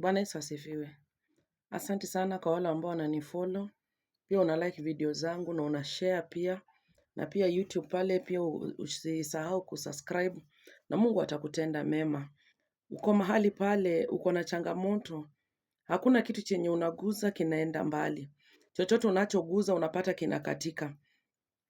Bwana Yesu asifiwe. Asante sana kwa wale ambao wananifollow, pia una like video zangu na una share pia, na pia YouTube pale pia usisahau kusubscribe, na Mungu atakutenda mema. Uko mahali pale, uko na changamoto, hakuna kitu chenye unaguza kinaenda mbali. Chochote unachoguza unapata kinakatika.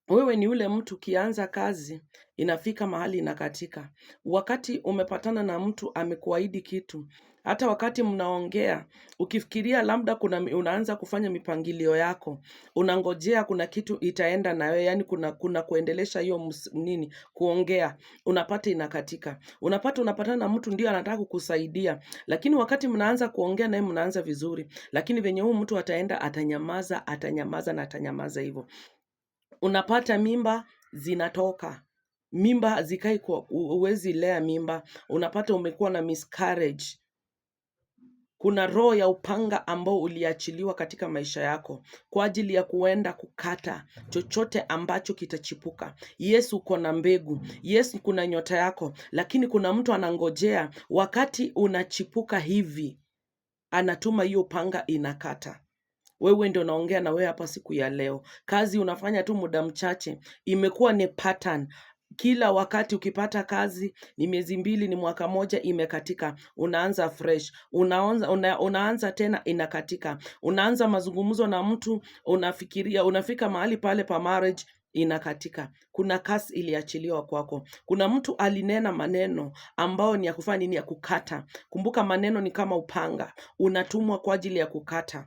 Wewe ni yule mtu ukianza kazi inafika mahali inakatika. Wakati umepatana na mtu amekuahidi kitu, hata wakati mnaongea, ukifikiria labda kuna unaanza kufanya mipangilio yako, unangojea kuna kitu itaenda na wewe, yani kuna, kuna kuendelesha hiyo nini kuongea, unapata inakatika. Unapata unapatana na mtu ndio anataka kukusaidia, lakini wakati mnaanza kuongea naye mnaanza vizuri, lakini venye huu mtu ataenda atanyamaza, atanyamaza na atanyamaza hivyo unapata mimba zinatoka mimba zikai kwa uwezi lea mimba, unapata umekuwa na miscarriage. Kuna roho ya upanga ambao uliachiliwa katika maisha yako kwa ajili ya kuenda kukata chochote ambacho kitachipuka. yesu uko na mbegu. yesu kuna nyota yako, lakini kuna mtu anangojea wakati unachipuka hivi, anatuma hiyo upanga inakata wewe ndio naongea na wewe hapa siku ya leo. Kazi unafanya tu muda mchache, imekuwa ni pattern kila wakati ukipata kazi ni miezi mbili, ni mwaka moja, imekatika. Unaanza fresh, unaanza, una, unaanza tena, inakatika. Unaanza mazungumzo na mtu, unafikiria, unafika mahali pale pa marriage inakatika. Kuna kasi iliachiliwa kwako. Kuna mtu alinena maneno ambayo ni ya kufanya nini? Ya kukata. Kumbuka, maneno ni kama upanga, unatumwa kwa ajili ya kukata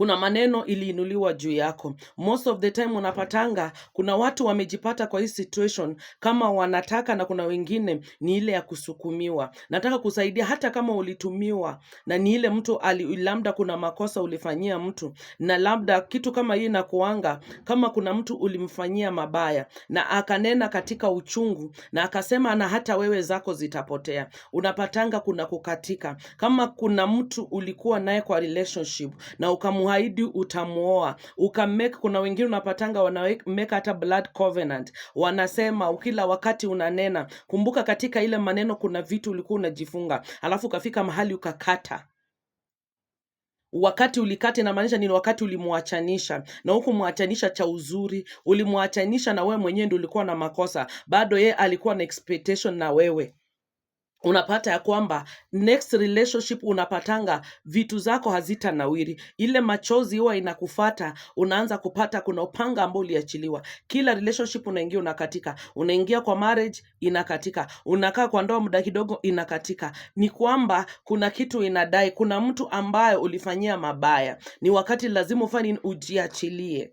kuna maneno iliinuliwa juu yako. Most of the time unapatanga kuna watu wamejipata kwa hii situation kama wanataka, na kuna wengine ni ile ya kusukumiwa. Nataka kusaidia hata kama ulitumiwa na ni ile mtu ali, labda kuna makosa ulifanyia mtu, na labda kitu kama hii inakuanga kama kuna mtu ulimfanyia mabaya na akanena katika uchungu na akasema, na hata wewe zako zitapotea. Unapatanga kuna kukatika, kama kuna mtu ulikuwa naye kwa relationship na ukamu umuahidi utamuoa ukamake. Kuna wengine unapatanga wanameka hata blood covenant, wanasema kila wakati unanena. Kumbuka katika ile maneno kuna vitu ulikuwa unajifunga, alafu ukafika mahali ukakata Wakati ulikata inamaanisha nini? Wakati ulimwachanisha na huku mwachanisha cha uzuri, ulimwachanisha na wewe mwenyewe ndio ulikuwa na makosa, bado ye alikuwa na expectation na wewe unapata ya kwamba next relationship unapatanga vitu zako hazita nawiri, ile machozi huwa inakufata, unaanza kupata kuna upanga ambao uliachiliwa. Kila relationship unaingia unakatika, unaingia kwa marriage inakatika, unakaa kwa ndoa muda kidogo inakatika. Ni kwamba kuna kitu inadai, kuna mtu ambaye ulifanyia mabaya, ni wakati lazima ufanye ujiachilie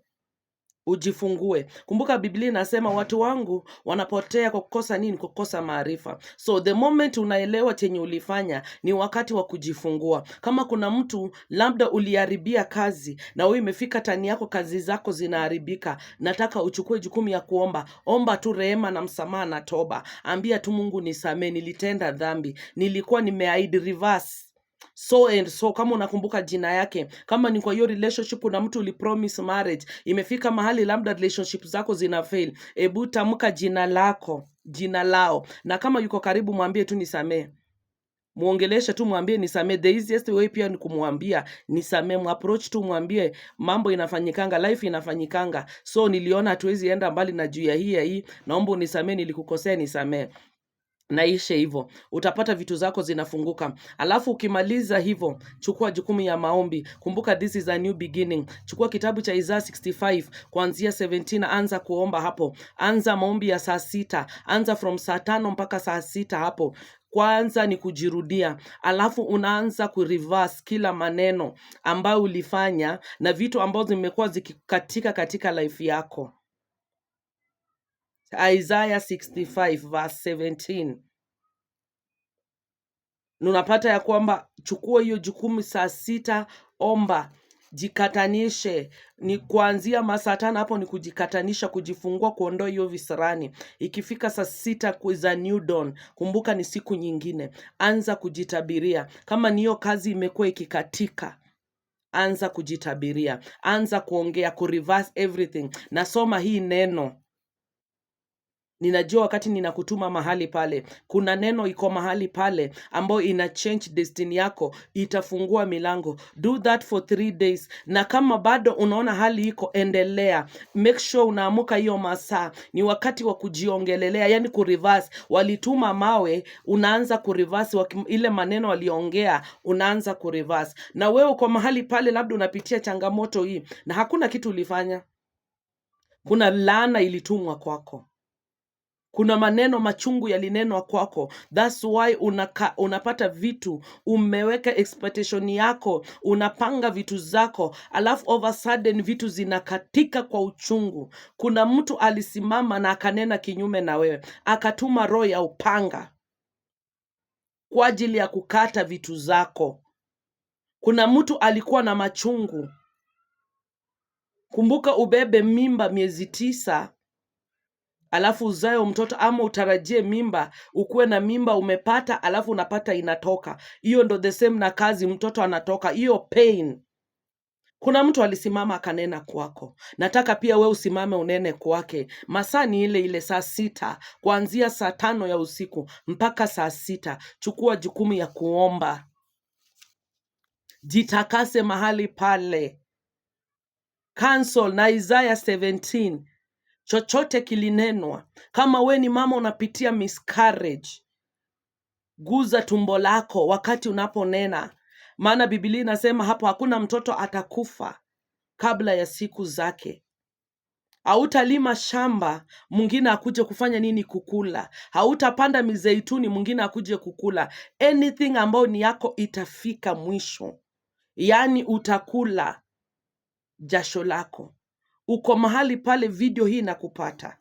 ujifungue. Kumbuka Biblia inasema watu wangu wanapotea kwa kukosa nini? Kwa kukosa maarifa. So the moment unaelewa chenye ulifanya, ni wakati wa kujifungua. Kama kuna mtu labda uliharibia kazi na wewe imefika tani yako, kazi zako zinaharibika, nataka uchukue jukumu ya kuomba. Omba tu rehema na msamaha na toba, ambia tu Mungu, nisamee, nilitenda dhambi, nilikuwa nimeahidi reverse so and so, kama unakumbuka jina yake, kama ni kwa hiyo relationship na mtu ulipromise marriage, imefika mahali labda relationship zako zina fail, hebu tamka jina lako, jina lao, na kama yuko karibu mwambie tu nisamee muongeleshe tu mwambie nisamee. The easiest way pia ni kumwambia nisamee, approach tu mwambie mambo inafanyikanga, life inafanyikanga, so niliona hatuwezi enda mbali na juu ya hii ya hii, naomba unisamee, nilikukosea, nisamee na ishe hivyo, utapata vitu zako zinafunguka. Alafu ukimaliza hivyo, chukua jukumu ya maombi. Kumbuka this is a new beginning. Chukua kitabu cha Isaiah 65 kuanzia 17, anza kuomba hapo, anza maombi ya saa sita, anza from saa tano mpaka saa sita hapo kwanza ni kujirudia, alafu unaanza kureverse kila maneno ambayo ulifanya na vitu ambazo zimekuwa zikikatika katika life yako. Isaiah 65 verse 17 unapata ya kwamba chukua hiyo jukumu saa sita, omba jikatanishe ni kuanzia masaa tano hapo ni kujikatanisha, kujifungua, kuondoa hiyo visirani. Ikifika saa sita za new dawn, kumbuka ni siku nyingine, anza kujitabiria. Kama niyo kazi imekuwa ikikatika, anza kujitabiria, anza kuongea, kureverse everything. Nasoma hii neno Ninajua wakati ninakutuma mahali pale, kuna neno iko mahali pale ambayo ina change destiny yako, itafungua milango. Do that for three days, na kama bado unaona hali iko, endelea. Make sure unaamuka hiyo masaa, ni wakati wa kujiongelelea, yani kureverse. Walituma mawe, unaanza kureverse ile maneno waliongea, unaanza kureverse. Na wewe uko mahali pale, labda unapitia changamoto hii na hakuna kitu ulifanya, kuna laana ilitumwa kwako kuna maneno machungu yalinenwa kwako, that's why unaka, unapata vitu, umeweka expectation yako, unapanga vitu zako, alafu over sudden vitu zinakatika kwa uchungu. Kuna mtu alisimama na akanena kinyume na wewe, akatuma roho ya upanga kwa ajili ya kukata vitu zako. Kuna mtu alikuwa na machungu. Kumbuka ubebe mimba miezi tisa alafu uzae mtoto ama utarajie mimba, ukuwe na mimba umepata, alafu unapata inatoka. Hiyo ndo the same na kazi, mtoto anatoka. Hiyo pain kuna mtu alisimama akanena kwako, nataka pia we usimame unene kwake. Masaa ni ile ile, saa sita kuanzia saa tano ya usiku mpaka saa sita. Chukua jukumu ya kuomba, jitakase mahali pale. Cancel na Isaiah chochote kilinenwa. Kama we ni mama unapitia miscarriage, guza tumbo lako wakati unaponena, maana Biblia inasema hapo hakuna mtoto atakufa kabla ya siku zake. Hautalima shamba mwingine akuje kufanya nini? Kukula. Hautapanda mizeituni mwingine akuje kukula. Anything ambayo ni yako itafika mwisho, yaani utakula jasho lako uko mahali pale, video hii inakupata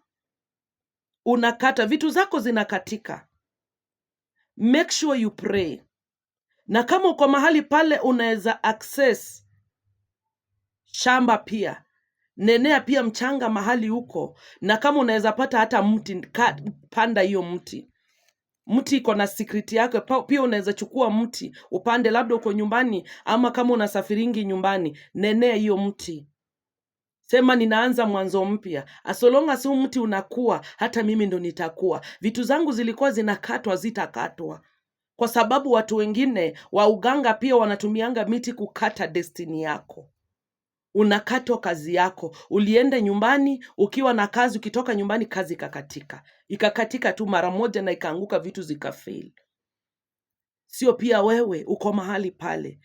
unakata vitu zako zinakatika. Make sure you pray, na kama uko mahali pale unaweza access shamba pia nenea pia mchanga mahali huko, na kama unaweza pata hata mti ka, panda hiyo mti. Mti iko na secret yake pia. Unaweza chukua mti upande, labda uko nyumbani, ama kama unasafiringi nyumbani, nenea hiyo mti. Sema ninaanza mwanzo mpya. Asolonga si mti unakuwa, hata mimi ndo nitakuwa. Vitu zangu zilikuwa zinakatwa, zitakatwa kwa sababu watu wengine wa uganga pia wanatumianga miti kukata destini yako. Unakatwa kazi yako, uliende nyumbani ukiwa na kazi, ukitoka nyumbani kazi ikakatika, ikakatika tu mara moja na ikaanguka, vitu zikafail. Sio pia wewe uko mahali pale,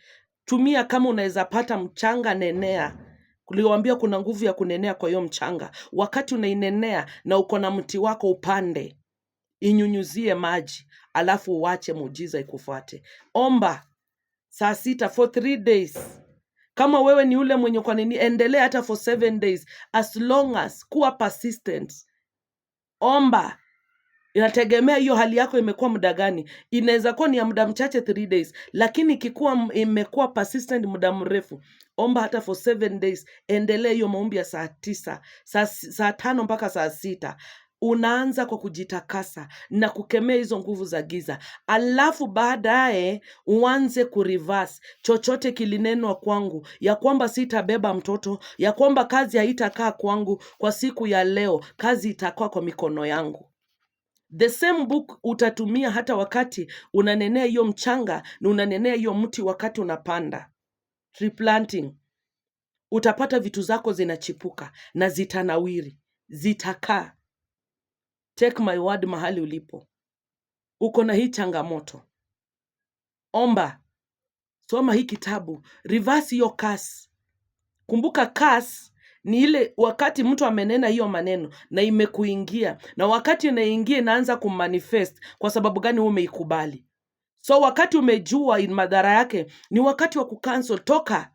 tumia kama unaweza pata mchanga nenea Kuliwambia kuna nguvu ya kunenea kwa hiyo mchanga. Wakati unainenea na uko na mti wako upande, inyunyuzie maji, alafu uache muujiza ikufuate. Omba saa sita for three days. Kama wewe ni ule mwenye kwa nini, endelea hata for seven days, as long as kuwa persistent. Omba Inategemea hiyo hali yako imekuwa muda gani. Inaweza kuwa ni ya muda mchache 3 days, lakini ikikuwa imekuwa persistent muda mrefu, omba hata for 7 days. Endelea hiyo maombi ya saa tisa, saa, saa tano mpaka saa sita. Unaanza kwa kujitakasa na kukemea hizo nguvu za giza, alafu baadaye uanze kurivas chochote kilinenwa kwangu, ya kwamba sitabeba mtoto, ya kwamba kazi haitakaa kwangu kwa siku ya leo, kazi itakaa kwa mikono yangu. The same book utatumia hata wakati unanenea hiyo mchanga na unanenea hiyo mti wakati unapanda replanting. Utapata vitu zako zinachipuka na zitanawiri, zitakaa. Take my word, mahali ulipo uko na hii changamoto, omba, soma hii kitabu, reverse your curse. Kumbuka curse ni ile wakati mtu amenena hiyo maneno na imekuingia, na wakati inaingia inaanza kumanifest. Kwa sababu gani? Wewe umeikubali. So wakati umejua in madhara yake, ni wakati wa kucancel, toka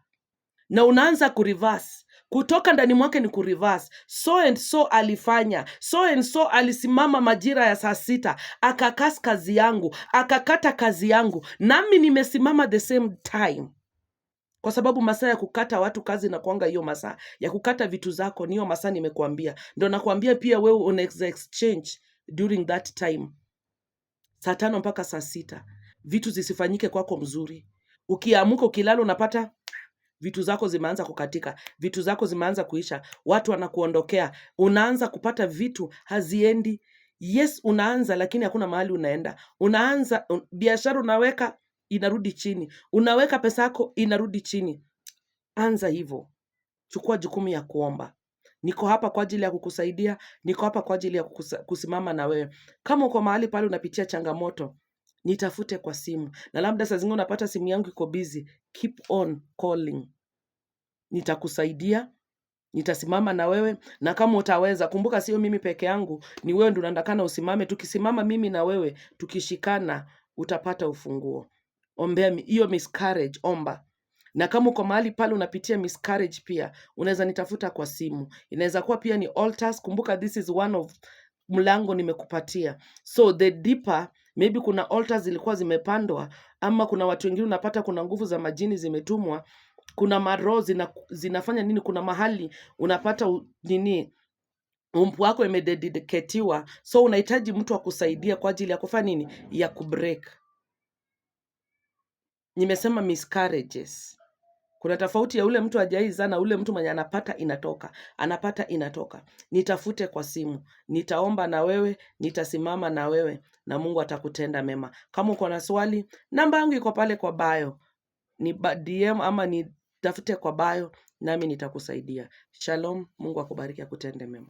na unaanza kureverse kutoka ndani mwake ni kureverse. So and so alifanya, so and so alisimama majira ya saa sita akakas kazi yangu akakata kazi yangu, nami nimesimama the same time kwa sababu masaa ya kukata watu kazi na kuanga hiyo masaa ya kukata vitu zako niyo masaa nimekuambia. ndo nakuambia pia wewe una exchange during that time, saa tano mpaka saa sita vitu zisifanyike kwako mzuri. Ukiamuka ukilala, unapata vitu zako zimeanza kukatika, vitu zako zimeanza kuisha, watu wanakuondokea, unaanza kupata vitu haziendi. Yes, unaanza lakini hakuna mahali unaenda. Unaanza un, biashara unaweka inarudi chini, unaweka pesa yako inarudi chini. Anza hivyo, chukua jukumu ya kuomba. Niko hapa kwa ajili ya kukusaidia, niko hapa kwa ajili ya kusimama na wewe. Kama uko mahali pale unapitia changamoto, nitafute kwa simu, na labda saa zingine unapata simu yangu iko busy. Keep on calling, nitakusaidia nitasimama na wewe na kama utaweza. Kumbuka sio mimi peke yangu, ni wewe ndio unatakana usimame. Tukisimama mimi na wewe, tukishikana, utapata ufunguo ombea hiyo miscarriage, omba. Na kama uko mahali pale unapitia miscarriage pia unaweza nitafuta kwa simu, inaweza kuwa pia ni altars. Kumbuka this is one of mlango nimekupatia, so the deeper maybe kuna altars zilikuwa zimepandwa, ama kuna watu wengine unapata kuna nguvu za majini zimetumwa, kuna maroho zina, zinafanya nini, kuna mahali unapata u, nini umpu wako imedediketiwa, so unahitaji mtu akusaidia kwa ajili ya kufanya nini, ya kubreak nimesema miscarriages. Kuna tofauti ya ule mtu ajai na ule mtu mwenye anapata inatoka, anapata inatoka. Nitafute kwa simu, nitaomba na wewe, nitasimama na wewe na Mungu atakutenda mema. Kama uko na swali, namba yangu iko pale kwa bio, ni DM ama nitafute kwa bio, nami nitakusaidia. Shalom, Mungu akubariki, akutende mema.